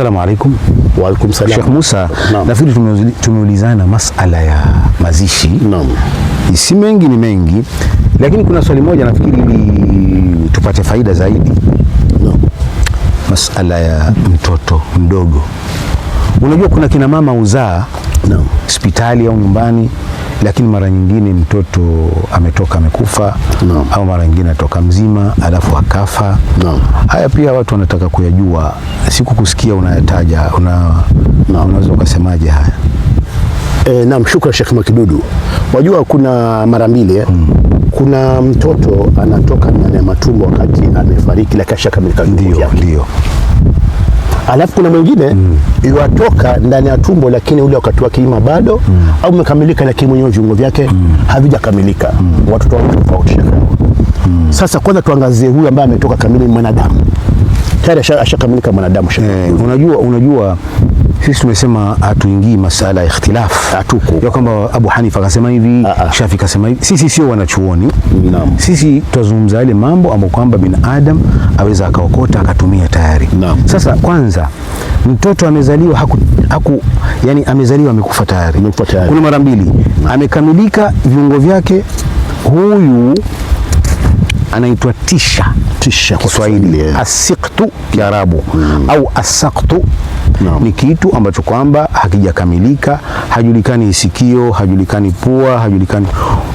Asalamu alaikum. Wa alaikum salam. Sheikh Musa, nafikiri tumeulizana masala ya mazishi. Naam. Si mengi ni mengi, lakini kuna swali moja nafikiri ili tupate faida zaidi. Naam. Masala ya mtoto mdogo, unajua kuna kina mama uzaa hospitali au nyumbani lakini mara nyingine mtoto ametoka amekufa no. au mara nyingine atoka mzima alafu akafa no. Haya pia watu wanataka kuyajua, siku kusikia unayataja una, no. unaweza ukasemaje haya? E, naam, shukran Sheikh Mwakidudu. Wajua kuna mara mbili eh? Hmm. Kuna mtoto anatoka ndani ya matumbo wakati amefariki, lakini ashakamilika ndio ndio alafu kuna mwingine mm. iwatoka ndani ya tumbo, lakini ule wakati wa kiima bado mm. au umekamilika, lakini mwenyewe viungo vyake mm. havijakamilika mm. watoto wa tofauti mm. Sasa kwanza tuangazie huyu ambaye ametoka kamili mwanadamu tayari ashakamilika mwanadamu. Eh, unajua, unajua sisi tumesema hatuingii masala ya ikhtilaf, hatuko ya kwamba Abu Hanifa akasema hivi, ah, ah. Shafi kasema hivi. Sisi sio wanachuoni, naam. Sisi tutazungumza yale mambo ambayo kwamba binadam aweza akaokota akatumia tayari, naam. Sasa kwanza mtoto amezaliwa haku, haku, yani amezaliwa amekufa tayari, amekufa tayari. Kuna mara mbili amekamilika viungo vyake, huyu anaitwa tisha kuthibitisha Kiswahili yeah. Asiktu Kiarabu mm. au asaktu no. ni kitu ambacho kwamba hakijakamilika, hajulikani sikio, hajulikani pua, hajulikani.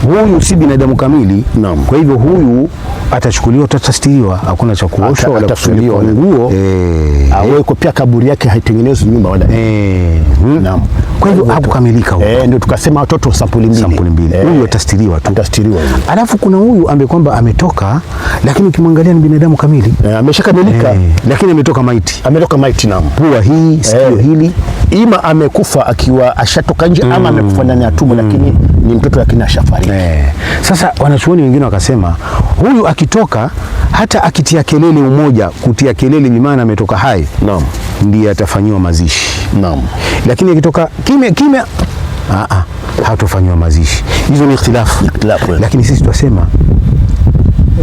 Huyu si binadamu kamili no. kwa hivyo huyu atachukuliwa, atastiriwa, hakuna cha kuoshwa wala kufuliwa nguo e, eh. awekwe ah, pia kaburi yake haitengenezwi nyumba wala eh. Hmm? Naam, kwa hivyo hakukamilika huko eh, ndio tukasema watoto sampuli mbili, sampuli mbili eh. huyu atastiriwa tu, atastiriwa. Alafu kuna huyu ambaye kwamba ametoka, lakini ukimwangalia ni binadamu kamili e, ameshakamilika lakini ametoka maiti, ametoka maiti, naam, pua hii, sikio hili, ima amekufa akiwa ashatoka nje mm, ama amekufa ndani ya tumbo mm, lakini ni mtoto kina Shafari. Eh. Sasa wanachuoni wengine wakasema huyu akitoka hata akitia kelele umoja, kutia kelele ni maana ametoka hai. Naam. Ndiye atafanyiwa mazishi. Naam. Lakini akitoka kimya kimya ah, ah, hatofanyiwa mazishi. Hizo ni ikhtilafu. Lakini sisi tunasema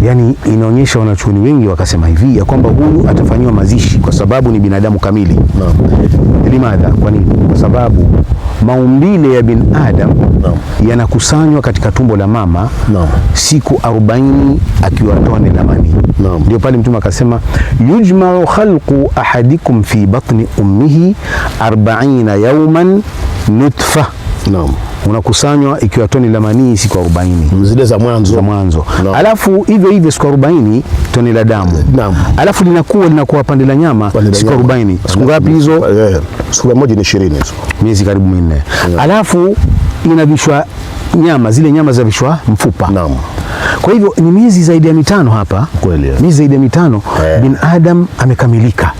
yani inaonyesha wanachuoni wengi wakasema hivi ya kwamba huyu atafanyiwa mazishi kwa sababu ni binadamu kamili. Naam. Limadha? Kwa nini? Kwa sababu maumbile ya bin adam yanakusanywa katika tumbo la mama Naam. siku 40 akiwa tone la mani. Ndio pale Mtume akasema yujmau khalqu ahadikum fi batni ummihi 40 yawman nutfa. Naam unakusanywa ikiwa toni la manii siku 40 mm, zile za mwanzo za mwanzo no. Alafu hivyo hivyo siku 40 toni la damu no. Alafu linakuwa linakuwa pande la nyama siku 40 siku ngapi hizo? Eh, siku moja ni 20 hizo, miezi karibu minne. Alafu inavishwa nyama zile nyama za vishwa mfupa no. Kwa hivyo ni miezi zaidi ya mitano hapa, eh. miezi zaidi ya mitano yeah. Bin Adam amekamilika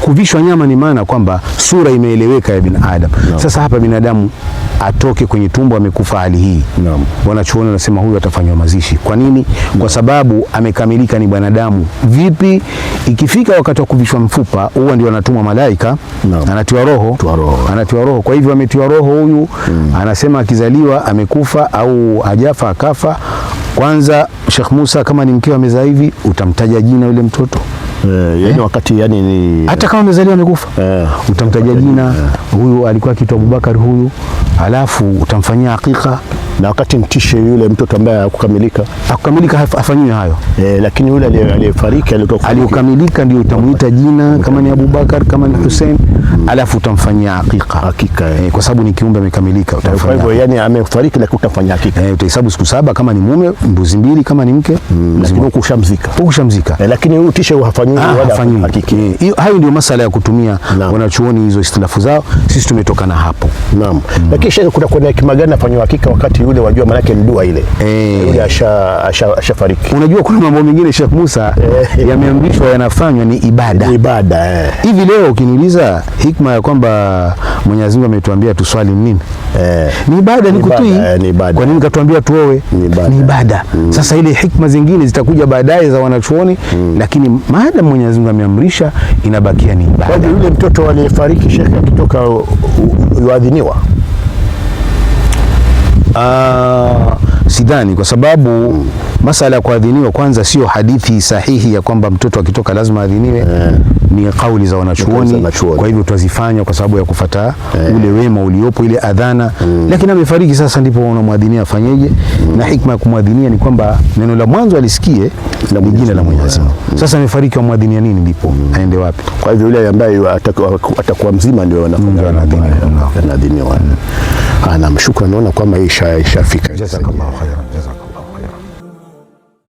Kuvishwa nyama ni maana kwamba sura imeeleweka ya bin Adam Sasa hapa binadamu atoke kwenye tumbo amekufa hali hii Wanachuoni wanasema huyu atafanywa mazishi. Kwa nini? Kwa sababu amekamilika, ni bwanadamu. Vipi ikifika wakati wa kuvishwa mfupa, huwa ndio anatumwa malaika Anatiwa roho, anatiwa roho. Kwa hivyo ametiwa roho huyu hmm. Anasema akizaliwa amekufa au hajafa akafa kwanza Sheikh Musa kama ni wa amezaa hivi, utamtaja jina yule mtoto eh, yani eh? wakati yani ni hata kama amezaliwa amekufa eh, utamtaja jina eh, huyu alikuwa akiitwa Abubakar huyu, alafu utamfanyia hakika na wakati mtishe yule mtoto ambaye hakukamilika, hakukamilika hafanyiwe hayo e, lakini yule aliyefariki aliyokamilika ndio utamuita jina Mbuka. Kama ni Abubakar kama ni Hussein alafu utamfanyia hakika hakika eh. e, kwa sababu ni kiumbe amekamilika. Kwa hivyo yani amefariki, lakini utafanya hakika e, utahesabu siku saba, kama ni mume mbuzi mbili, kama ni mke mm, lakini huko ushamzika huko ushamzika e, lakini yule utishe hafanyiwi ah, hafanyiwi hakika e, hiyo. e, Hayo ndio masala ya kutumia wanachuoni hizo istilafu zao, sisi tumetoka na hapo. Naam, lakini kuna kuna hekima gani afanywe hakika wakati yule wajua, manake mdua ile eh. yule asha ashafariki. Unajua kuna mambo mengine Sheikh Musa eh. yameamrishwa yanafanywa ni ibada ibada eh. Hivi leo ukiniuliza hikma ya kwamba Mwenyezi Mungu ametuambia tuswali nini ni ibada, ni kutii kwa nini katuambia tuowe ni ibada mm. Sasa ile hikma zingine zitakuja baadaye za wanachuoni mm. Lakini maada Mwenyezi Mungu ameamrisha inabakia ni ibada. Yule mtoto aliyefariki Sheikh akitoka yuadhiniwa Ah, sidhani kwa sababu mm. masala ya kuadhiniwa kwanza sio hadithi sahihi ya kwamba mtoto akitoka lazima adhiniwe yeah. Ni kauli za wanachuoni, kwa hivyo twazifanya kwa sababu ya kufata yeah. ule wema uliopo ile adhana mm. Lakini amefariki sasa, ndipo unamwadhinia afanyeje? mm. Na hikma ya kumwadhinia ni kwamba neno la mwanzo alisikie ni jina la Mwenyezi Mungu. Hmm. Sasa amefariki, wamwadhinia nini? Ndipo mm. aende wapi? Kwa hivyo yule ambaye atakuwa mzima ndio anaadhiniwa. Hmm. Naam, shukran, naona kwama ishafika. Jazakallahu khairan.